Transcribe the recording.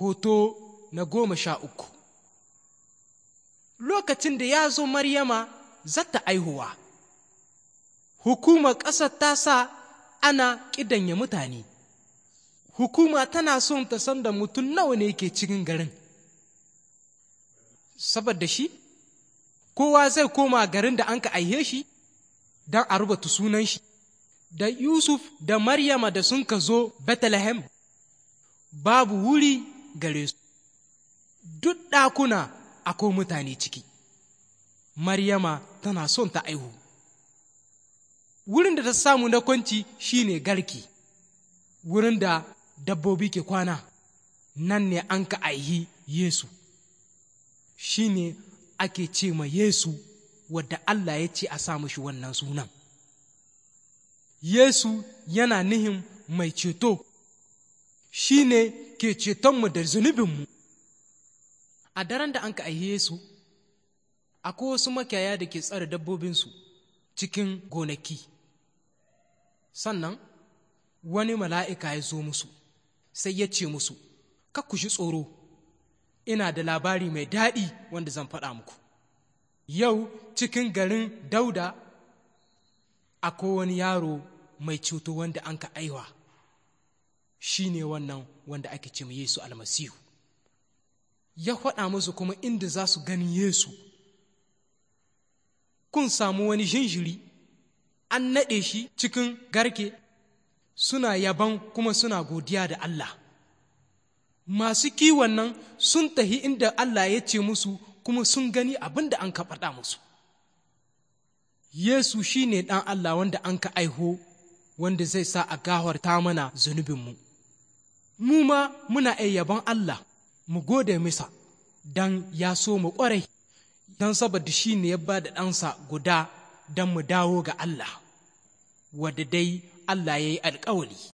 hoto na goma sha uku lokacin da ya zo maryama ta aihuwa hukumar ƙasar ta sa ana ƙidanya mutane hukuma tana son ta san da mutum nawa ne ke cikin garin saboda shi kowa zai koma garin da an ka aihe shi don a rubuta sunan shi da yusuf da maryama da sun ka zo bethlehem babu wuri gare su duk ɗakuna akwai mutane ciki maryama tana son ta aihu wurin da ta samu na kwanci shine garki wurin da dabbobi ke kwana nan ne an ka aihi yesu shine ake ce ma yesu wadda allah ya ce a sa shi wannan sunan yesu yana nihin mai ceto shine ke cetonmu da zunubinmu a daren da an ka aihe su akwai wasu makiyaya da ke tsare dabbobinsu cikin gonaki sannan wani mala'ika ya zo musu sai ya ce musu ka ku tsoro ina da labari mai daɗi wanda zan faɗa muku yau cikin garin dauda akwai wani yaro mai cuto wanda an ka aiwa shi ne wannan wanda ake ce Yesu almasihu ya faɗa musu kuma inda za su gani Yesu kun samu wani shinshiri an naɗe shi cikin garke suna yaban kuma suna godiya da Allah masu kiwon nan sun tahi inda Allah ya ce musu kuma sun gani abin da an ka faɗa musu Yesu shi ne ɗan Allah wanda an ka aiho wanda zai sa a ta mana zunubinmu. mu ma muna iya yabon Allah mu gode misa don ya so mu ƙwarai don saboda shi ne ya ba da ɗansa guda don mu dawo ga Allah wadda dai Allah ya yi alƙawali